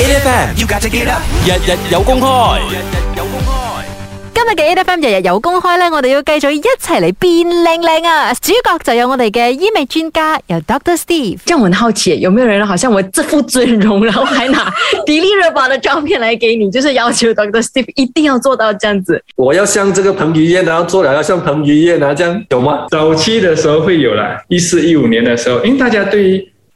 A. F. M. you gotta get up，日日有公開，今日嘅 A. F. M. 日日有公開咧，我哋要繼續一齊嚟變靚靚啊！主角就有我哋嘅醫美專家，有 Doctor Steve。真係我好奇，有沒有人好像我這副尊容，然後還拿迪麗熱巴的照片來給你，就是要求 Doctor Steve 一定要做到這樣子。我要像這個彭于晏，然後做人要像彭于晏，然後這樣懂嗎？早期的時候會有啦，一四一五年的時候，因大家對於。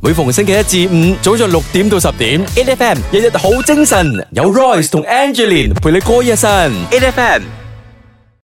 每逢星期一至五，早上六點到十點，A F M 日日好精神，有 Royce 同 Angelina 陪你過一晨，A F M。